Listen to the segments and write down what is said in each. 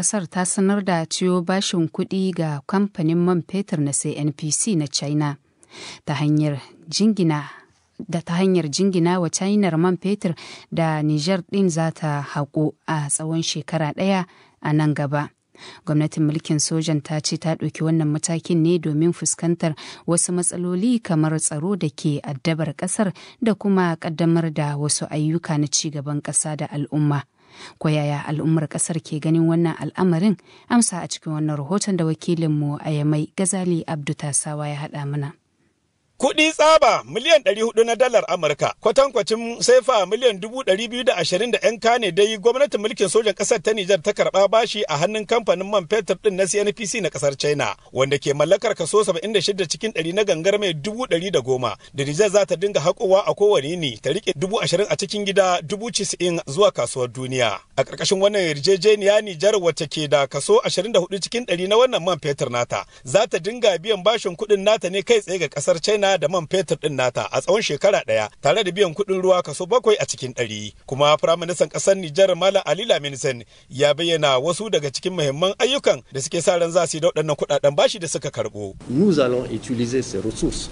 kasar ta sanar da ciwo bashin kuɗi ga kamfanin man fetur na CNPC na China ta hanyar jingina da ta hanyar jingina wa chinar man fetur da Niger ɗin za ta haƙo a tsawon shekara ɗaya a nan gaba. Gwamnatin mulkin sojan ta ce ta ɗauki wannan matakin ne domin fuskantar wasu matsaloli kamar tsaro da ke addabar ƙasar da kuma ƙaddamar da wasu ayyuka na ci gaban ƙasa da al'umma. Ko yaya al'ummar ƙasar ke ganin wannan al'amarin amsa a cikin wannan rahoton da wakilinmu a Yamai Gazali Abdu Tasawa ya haɗa mana. kuɗi tsaba miliyan 400 na dalar Amurka kwatankwacin saifa miliyan 220 da 'yan kane dai gwamnatin mulkin sojan ƙasar ta Nijar ta karɓa bashi a hannun kamfanin man fetur ɗin na CNPC na ƙasar China wanda ke mallakar kaso 76 cikin 100 na gangar mai 110 da Nijar za ta dinga haƙowa a kowane ni ta riƙe 20 a cikin gida 90 zuwa kasuwar duniya. A ƙarƙashin wannan yarjejeniya Nijar wacce ke da kaso 24 cikin 100 na wannan man fetur nata za ta dinga biyan bashin kuɗin nata ne kai tsaye ga ƙasar China da man fetur din nata a tsawon shekara ɗaya tare da biyan kuɗin ruwa kaso bakwai a cikin ɗari. Kuma Firaministan ƙasar Nijar Malam Ali Laminsen ya bayyana wasu daga cikin mahimman ayyukan da suke sa ran za su yi da waɗannan kuɗaɗen bashi da suka karɓo.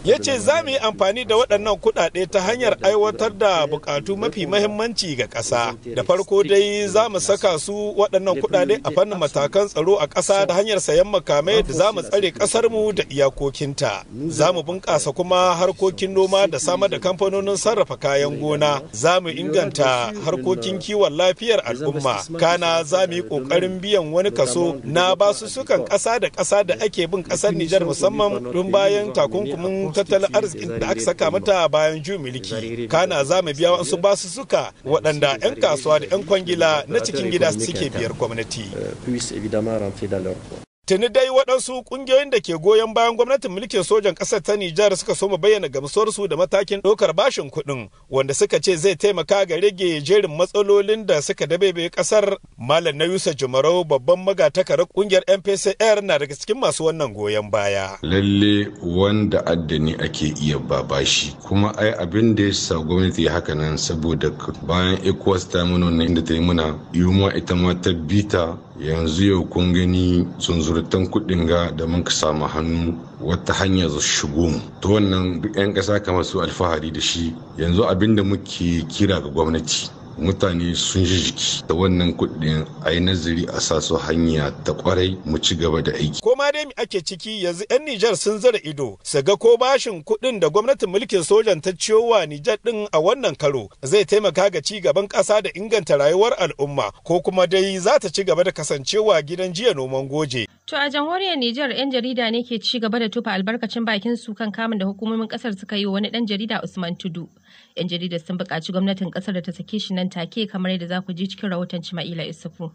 Ya ce za mu yi amfani da waɗannan kuɗaɗe ta hanyar aiwatar da buƙatu mafi mahimmanci ga ƙasa. Da farko dai za mu saka su waɗannan kuɗaɗe a fannin matakan tsaro a ƙasa da hanyar sayan makamai da za mu tsare ƙasarmu da iyakokinta. Za mu bunƙasa kuma kuma harkokin noma da samar da kamfanonin sarrafa kayan gona za mu inganta harkokin kiwon lafiyar al'umma kana za mu yi ƙoƙarin biyan wani kaso na basussukan ƙasa da ƙasa da ake bin ƙasar Nijar musamman don bayan takunkumin tattalin arzikin da aka saka mata bayan juyin mulki kana za mu biya wasu suka waɗanda 'yan kasuwa da 'yan kwangila na cikin gida suke biyar gwamnati. Euh, tuni dai waɗansu ƙungiyoyin da ke goyon bayan gwamnatin mulkin sojan ƙasar ta Nijar suka soma bayyana gamsuwarsu da matakin ɗaukar bashin kuɗin wanda suka ce zai taimaka ga rage jerin matsalolin da suka dabebe ƙasar Malam na yusuf Jumarau babban magatakar ƙungiyar MPCR na daga cikin masu wannan goyon baya. Lalle wanda addini ake iya babashi kuma ai abin da ya sa gwamnati haka nan saboda bayan ECOWAS ta mana inda ta yi muna yuma ita ma ta bita yanzu yau kun gani zunzurtan kuɗin ga da mun ka samu hannu wata hanya za shigo mu to wannan duk 'yan ƙasa kamar su alfahari da shi yanzu abinda da muke kira ga gwamnati mutane sun ji jiki da wannan kudin a yi nazari a sasu hanya ta kwarai mu ci gaba da aiki. Koma dai mi ake ciki yanzu 'yan Nijar sun zara ido su ga ko bashin kuɗin da gwamnatin mulkin sojan ta ciyo wa Nijar din a wannan karo zai taimaka ga ci gaban ƙasa da inganta rayuwar al'umma ko kuma dai za ta ci gaba da kasancewa gidan jiya noman goje. To a jamhuriyar Nijar 'yan jarida ne ke ci gaba da tufa albarkacin bakin su kan kamun da hukumomin kasar suka yi wani dan jarida Usman Tudu. 'Yan jaridar sun buƙaci gwamnatin ƙasar da ta sake shi nan take kamar yadda za ku ji cikin rahoton Cima'ila Isufu.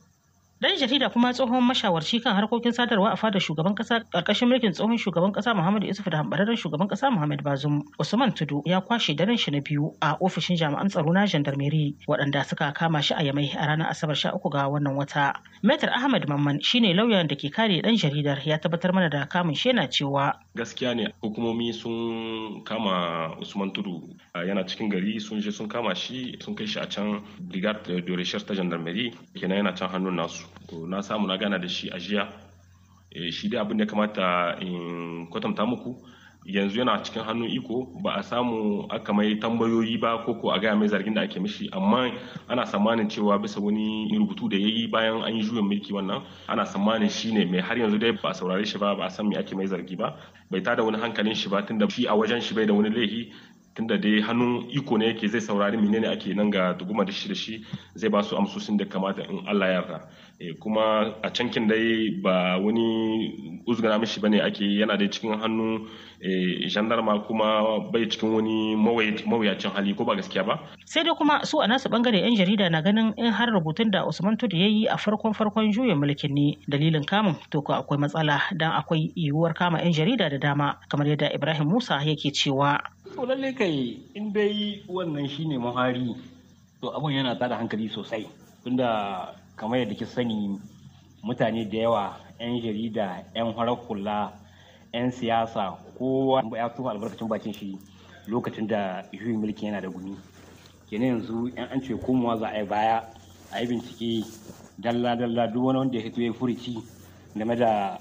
dan jarida kuma tsohon mashawarci kan harkokin sadarwa a fadar shugaban ƙasa ƙarƙashin mulkin tsohon shugaban ƙasa Muhammadu Yusuf da hambararren shugaban ƙasa Muhammad Bazum Usman Tudu ya kwashe daren shi na biyu a ofishin jami'an tsaro na gendarmerie waɗanda suka kama shi a Yamai a ranar Asabar uku ga wannan wata. Metar Ahmad Mamman shi ne lauyan da ke kare dan jaridar ya tabbatar mana da kamun shi yana cewa gaskiya ne hukumomi sun kama usman tudu yana cikin gari sun je sun kama shi sun kai shi a can brigade de recherche ta gendarmerie kenan yana can hannun nasu na samu na gana da shi a jiya eh, shi dai abin da kamata in kwatanta muku yanzu yana cikin hannun iko ba a samu aka mai tambayoyi ba ko ko a gaya mai zargin da ake mishi amma ana tsammanin cewa bisa wani rubutu da ya yi bayan an yi juyin mulki wannan ana tsammanin shi ne mai har yanzu dai ba a saurare shi ba ba a san me ake mai zargi ba bai tada wani hankalin shi ba tunda shi a wajen shi bai da wani laifi tunda dai hannun iko ne yake zai saurari menene ake nan ga duguma da shi da shi zai ba su amsosin da kamata in Allah ya yarda eh, kuma a cankin dai ba wani uzgana mishi bane ake yana da cikin hannu eh, gendarma kuma bai cikin wani mawuyacin hali ko ba gaskiya ba sai dai kuma su a nasu bangare yan jarida na ganin in har rubutun da Usman Tudu yayi a farkon farkon juyin mulkin ne dalilin kamun to ko akwai matsala dan akwai yiwuwar kama yan jarida da dama kamar yadda Ibrahim Musa yake cewa to lalle kai in dai wannan shine mahari to abun yana tada hankali sosai tunda kamar yadda ki sani mutane da yawa 'yan jarida 'yan farar kula 'yan siyasa kowa ya tufa albarkacin bakin shi lokacin da juyin mulki yana da gumi kenan yanzu 'yan an ce komowa za a yi baya a yi bincike dalla-dalla duk wani wanda ya fito ya furici game da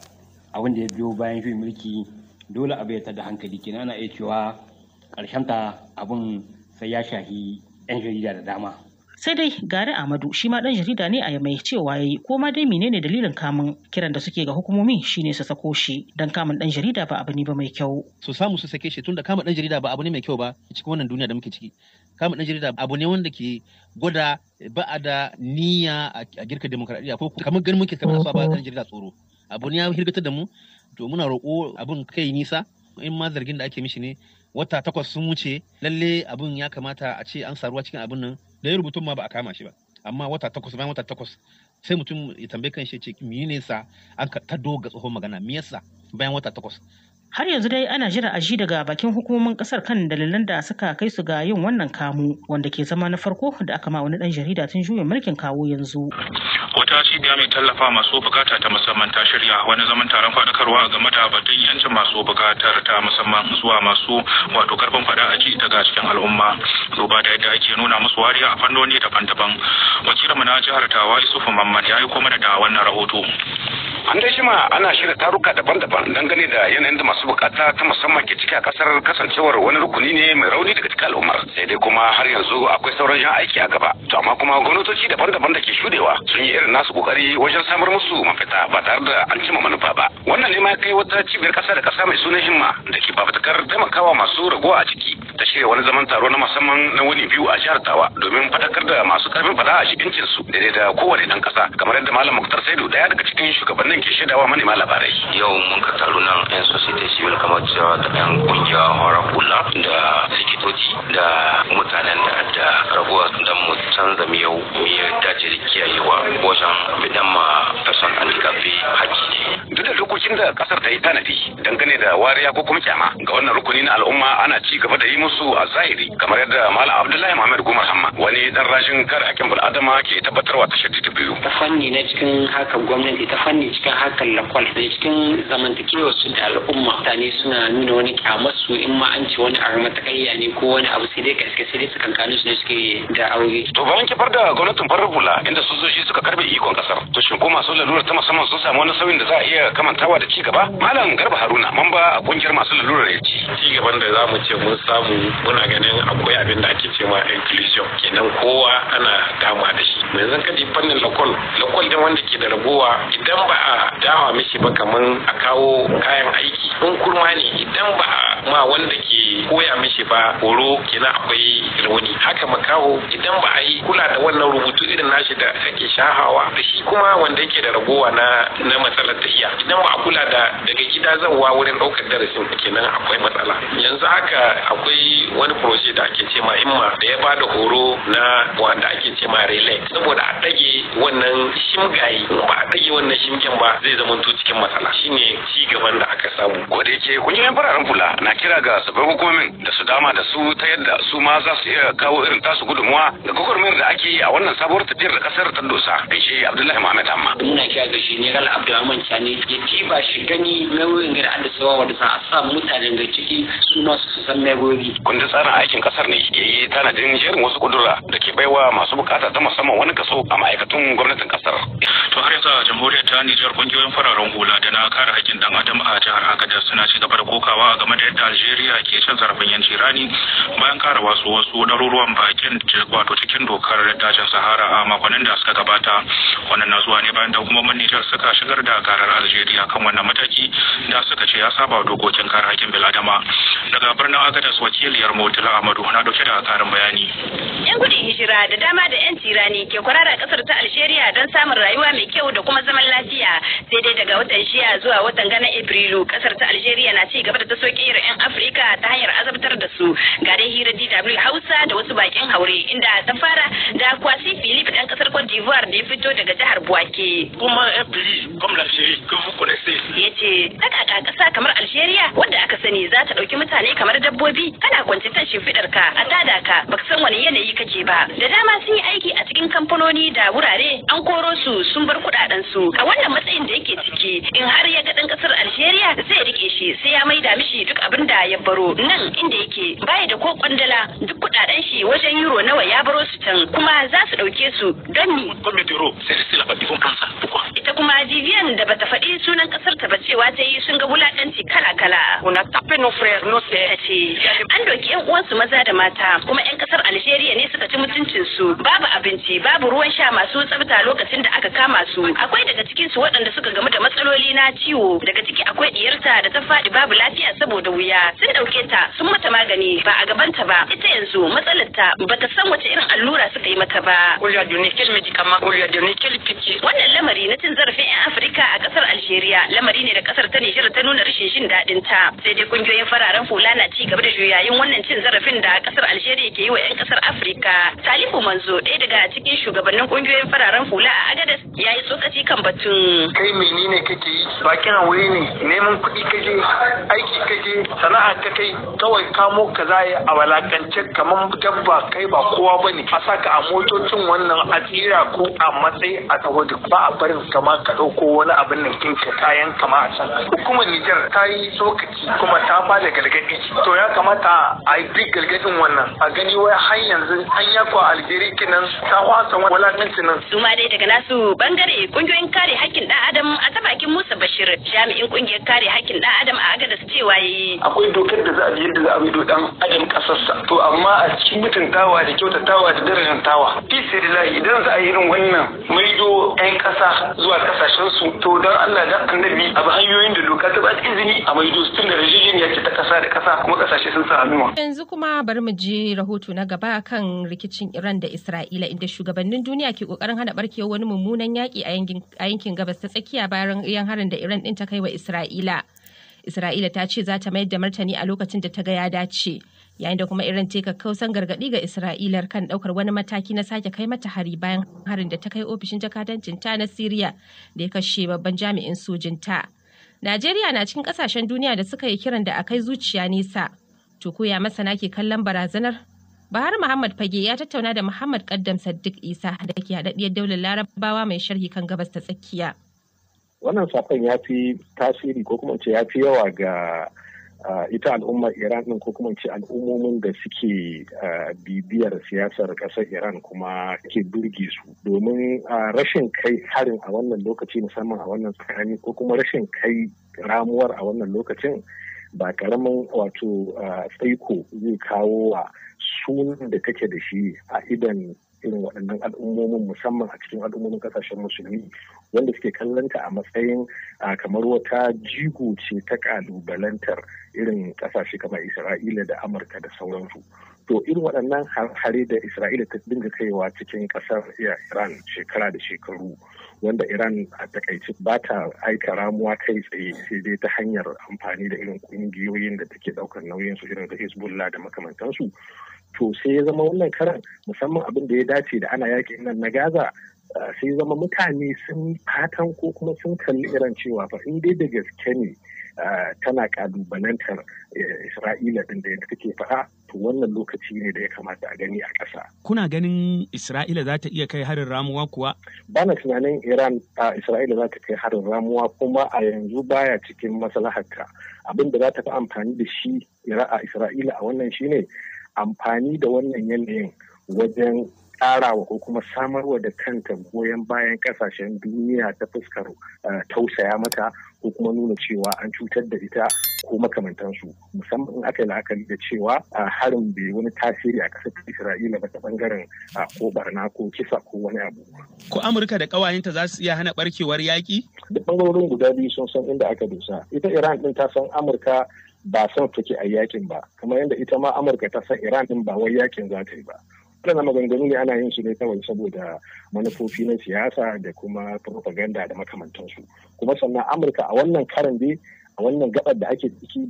abin da ya biyo bayan juyin mulki dole abu ya tada hankali kenan ana iya cewa ta abin sai ya shahi 'yan jarida da dama sai dai gari amadu shi ma dan jarida ne a mai cewa yayi ko ma dai menene dalilin kamun kiran da suke ga hukumomi shine su sako shi dan kamun dan jarida ba abu ne ba mai kyau su samu su sake shi tunda kamun dan jarida ba abu ne mai kyau ba cikin wannan duniya da muke ciki kamun dan jarida abu ne wanda ke gwada ba a da niyya a girka demokradiyya ko kamar ganin muke kamar ba dan jarida tsoro abu ne ya hirgita da mu to muna roƙo abin kai nisa in ma zargin da ake mishi ne wata takwas sun wuce lalle abun ya kamata a ce an saruwa cikin abin nan da ya rubutun ma ba a kama shi ba amma wata takwas bayan wata takwas sai mutum ya tambaye kan shi ce ne sa an ka ta doga tsohon magana me yasa bayan wata takwas har yanzu dai ana jira a ji daga bakin hukumomin kasar kan dalilan da suka kai su ga yin wannan kamu wanda ke zama na farko da aka ma wani dan jarida tun juyin mulkin kawo yanzu wata cibiya mai tallafa masu bukata ta musamman ta shirya wani zaman taron faɗakarwa game da batun yancin masu bukatar ta musamman zuwa masu wato karfin fada a ji daga cikin al'umma duba da yadda ake nuna musu wariya a fannoni daban-daban wakilinmu na jihar tawa isufu mamman ya yi kuma da wannan rahoto an dai shima ana shirya taruka daban-daban dangane da yanayin da masu bukata ta musamman ke ciki a kasar kasancewar wani rukuni ne mai rauni daga cikin al'ummar sai dai kuma har yanzu akwai sauran yan aiki a gaba to amma kuma gwamnatoci daban-daban da ke shudewa sun yi irin nasu kokari wajen samar musu mafita ba tare da an cimma manufa ba wannan ne ma kai wata cibiyar kasa da kasa mai sunan himma da ke fafutukar taimakawa masu raguwa a ciki ta shirya wani zaman taro na musamman na wani biyu a jihar Tawa domin fadakar da masu karfin fada a shigincin su daidai da kowane dan kasa kamar yadda Malam Muktar Saidu daya daga cikin shugabannin ke shaidawa manema labarai. Yau mun ka taro nan 'yan society civil kamar da 'yan kungiya horar hula da likitoci da mutanen da da raguwa don mu canza miyau mu dace da kiyayewa wajen bidan ma person handicap matakin da kasar ta yi tanadi dangane da wariya ko kuma kyama ga wannan rukuni na al'umma ana ci gaba da yi musu a zahiri kamar yadda malam abdullahi muhammad gumar hamma wani dan rashin kare hakkin adama ke tabbatarwa ta shaddi ta biyu ta fanni na cikin hakan gwamnati ta fanni cikin hakan lakwal da cikin zamantakewar su da al'umma mutane suna nuna wani kyamar su in ma an ci wani matakaiya ne ko wani abu sai dai gaske sai dai su kankanu su ne suke da aure to bayan kifar da gwamnatin farar hula inda sojoji suka karbe ikon kasar to shin ko masu lalura ta musamman sun samu wani sauyin da za a iya kamantawa da ci gaba malam garba haruna mamba a kungiyar masu lalurar yanci ci gaban da zamu ce mun samu muna ganin akwai abin da ake cewa inclusion kenan kowa ana dama da shi Me zan kadi fannin lakon lakon da wanda ke da ragowa idan ba a dawa mishi ba kaman a kawo kayan aiki in kurma ne idan ba a ma wanda ke koya mishi ba horo kenan akwai rauni haka makawo idan ba a yi kula da wannan rubutu irin nashi da shahawa da shi kuma wanda yake da ragowa na na matsalar tahiya idan ba a kula da daga gida zawa wurin ɗaukar darasin kenan akwai matsala yanzu haka akwai wani proje da ake ce ma imma da ya bada horo na wanda ake ce ma relay saboda a ɗage wannan shimgaye ba a ɗage wannan shimgen ba zai zama to cikin matsala shine ci gaban da aka samu ko da yake kungiyoyin fararen fula na kira ga sabbin hukumomin da su dama da su ta yadda su ma za su iya kawo irin tasu gudunmuwa da gwagwarmayar da ake yi a wannan sabuwar tafiyar da kasar ta Musa da shi Abdullahi Muhammad Amma. Muna kira ga shi ne ran Abdulrahman Sani ya tiba shi gani wurin gari da sawa da sa a sa mutanen da ciki su ma su san Kundin tsarin aikin kasar ne ya yi tanadin jerin wasu kudura da ke baiwa masu bukata ta musamman wani kaso a ma'aikatun gwamnatin kasar. To har yanzu a jamhuriyar ta Nijar kungiyoyin fararen hula da na kare haƙƙin dan adam a jihar Agadez suna ci gaba da kokawa game da yadda Algeria ke cin zarafin yanci rani bayan kare wasu wasu ɗaruruwan bakin wato cikin dokar dajin Sahara a makonnin da suka gabata. gabata wannan na zuwa ne bayan da hukumomin Nijar suka shigar da karar Algeria kan wannan mataki da suka ce ya saba dokokin kare hakkin biladama daga birnin Agadas wakiliyar Mutula Ahmadu na dauke da karin bayani yan gudun hijira da dama da yan tirani ke kwarara kasar ta Algeria don samun rayuwa mai kyau da kuma zaman lafiya sai dai daga watan shiya zuwa watan gana Ibrilu kasar ta Algeria na ci gaba da ta soke yan Afirka ta hanyar azabtar da su ga dai hira DW Hausa da wasu bakin haure inda ta fara da Kwasi Philip dan kasar Cote d'Ivoire jihar da ya fito daga jihar Buwake. Kuma un comme l'Algérie que vous connaissez. Ya ce, ta ƙasa kamar Algeria wadda aka sani za ta ɗauki mutane kamar dabbobi kana kwance kan shimfiɗar ka a tada ka baka san wani yanayi kake ba. Da dama sun yi aiki a cikin kamfanoni da wurare an koro su sun bar kuɗaɗen su. A wannan matsayin da yake ciki in har ya ga ɗan ƙasar Algeria zai rike shi sai ya maida mishi duk abin da ya baro nan inda yake baya da ko kwandala duk kuɗaɗen shi wajen euro nawa ya baro su can kuma za su ɗauke su don ni. son metero sai su tilafa ifon kansa ita kuma Vivian da bata faɗi sunan kasar ta ba cewa ta yi sun ga wulakanci kala kala Una tape no frère no nos ce. an doki yan uwansu maza da mata kuma yan ƙasar Algeria ne suka ci mutuncin su babu abinci babu ruwan sha masu tsafta lokacin da aka kama su akwai daga cikin su waɗanda suka gamu da matsaloli na ciwo daga ciki akwai ɗiyarta da ta faɗi babu lafiya saboda wuya sun ɗauke ta sun mata magani ba a gabanta ba ita yanzu matsalar ta bata san wace irin allura suka yi mata ba. da Benin Kilfiki. Wannan lamari na cin zarafin 'yan Afirka a kasar Algeria lamari ne da kasar ta Nijar ta nuna rashin shin daɗin ta. Sai dai kungiyoyin fararen hula na ci gaba da juyayin wannan cin zarafin da kasar Algeria ke yi wa 'yan kasar Afirka. Salifu Manzo ɗaya daga cikin shugabannin kungiyoyin fararen hula a Agadez ya yi tsokaci kan batun. Kai menene kake yi? Bakin wuri ne neman kuɗi kaje aiki kaje sana'a kake, kawai kamo ka za a walakance kamar dabba kai ba kowa bane a saka a motocin wannan a tsira ko a matsayi a taho duk ba a barin kama ka ɗauko wani abin nan kinka ka kayan kama a can hukumar Nijar ta yi tsokaci kuma ta ba da gargaɗi to ya kamata a yi duk gargaɗin wannan a gani wai har yanzu an yakwa aljeri kinan ta wasa walakanci nan. Suma dai daga nasu bangare kungiyoyin kare haƙƙin ɗan adam a ta bakin Musa jami'in kungiyar kare hakkin dan adam a su cewa ye. akwai dokar da za a da za a bido dan adam kasarsa to amma a cikin mutuntawa da kyautatawa da darajantawa fi sirrillahi idan za a yi irin wannan maido yan kasa zuwa kasashen su to dan Allah dan annabi a hanyoyin da doka ta ba izini a maido su tun da ya ce ta kasa da kasa kuma kasashe sun sa hannuwa yanzu kuma bari mu je rahoto na gaba kan rikicin Iran da Isra'ila inda shugabannin duniya ke kokarin hana barkewar wani mummunan yaki a yankin gabas ta tsakiya bayan harin da Iran Iran ta kai wa Isra'ila. Isra'ila ta ce za ta mayar da martani a lokacin da ta ga ya dace. Yayin da kuma irin teka kausan gargaɗi ga Isra'ilar kan ɗaukar wani mataki na sake kai mata hari bayan harin da ta kai ofishin jakadancin ta na Siriya da ya kashe babban jami'in sojin ta. Najeriya na cikin ƙasashen duniya da suka yi kiran da akai zuciya nesa. Tukuya masana ke kallon barazanar Bahar Muhammad Fage ya tattauna da Muhammad Kaddam Saddiq Isa da ke haɗaɗɗiyar daular Larabawa mai sharhi kan gabas ta tsakiya. wannan sakon ya fi tasiri ko kuma ce ya fi yawa ga ita al'ummar iran din ko kuma ce al'ummomin da suke bibiyar siyasar ƙasar iran kuma ke burge su domin rashin kai harin a wannan lokaci musamman a wannan tsakani ko kuma rashin kai ramuwar a wannan lokacin ba karamin wato tsaiko zai kawo wa sunan da kake da shi a idan irin waɗannan al'ummomin musamman a cikin al'ummomin kasashen musulmi wanda suke kallonta a matsayin kamar wata jigo ce ta kalubalantar irin kasashe kamar isra'ila da amurka da sauransu to irin waɗannan hare da isra'ila ta dinga kaiwa cikin ƙasar iran shekara da shekaru wanda iran a takaice ba ta aika ramuwa kai tsaye sai dai ta hanyar amfani da irin ƙungiyoyin da take ɗaukar nauyinsu irin da hezbollah da makamantansu to sai ya zama wannan karan musamman abin da ya dace da ana yakin nan na gaza eh, sai ya zama mutane sun fatan ko kuma sun kalli irin cewa fa in dai da gaske ne eh, tana kalubalantar eh, isra'ila din da yadda take faɗa to wannan lokaci ne da ya kamata a gani a ƙasa. kuna ganin isra'ila za ta iya kai harin ramuwa kuwa bana tunanin iran a isra'ila za ta kai harin ramuwa kuma a yanzu baya cikin maslaharta abin da za ta fi amfani da shi a isra'ila a wannan shine amfani da wannan yanayin wajen tsarawa ko kuma samarwa da kanta goyon bayan kasashen duniya ta fuskar eh, tausaya mata ko kuma nuna cewa an cutar da ita ko makamantansu musamman in aka yi la'akari da cewa harin bai wani tasiri a ƙasar isra'ila ba ta bangaren ko barna ko kisa ko wani abu ko amurka da ƙawayenta za su iya hana barkewar yaƙi da bangarorin guda biyu sun san inda aka dosa ita iran din ta san amurka ba son take a yakin ba kamar yadda ita ma amurka ta san iran din ba wai yakin za ta yi ba waɗannan maganganu ne ana yin su ne kawai saboda manufofi na siyasa da kuma propaganda da makamantansu kuma sannan amurka a wannan karan dai a wannan gabar da ake ciki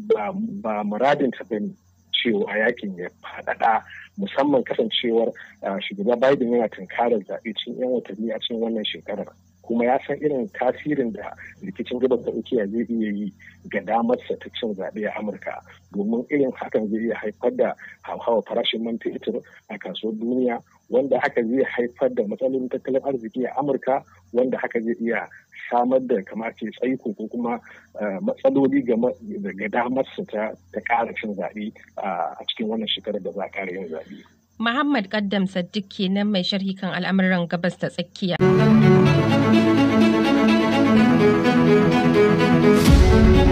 ba muradin ta bane cewa a yakin ya faɗaɗa musamman kasancewar ah, shugaba biden yana tunkarar zaɓe cikin 'yan watanni a cikin wannan shekarar kuma ya san irin tasirin da rikicin gabas da tsakiya zai iya yi ga damarsa ta cin zaɓe a amurka domin irin hakan zai iya haifar da hauhawa farashin man fetur a kasuwar duniya wanda haka zai haifar da matsalolin tattalin arziki a amurka wanda haka zai iya samar da kamar ce tsaiko ko kuma eh, matsaloli ga damarsa ta ta ƙara cin zaɓe a cikin wannan shekarar da za a ƙara yin zaɓe. Muhammad Kaddam Saddiq kenan mai sharhi kan al'amuran gabas ta tsakiya. Música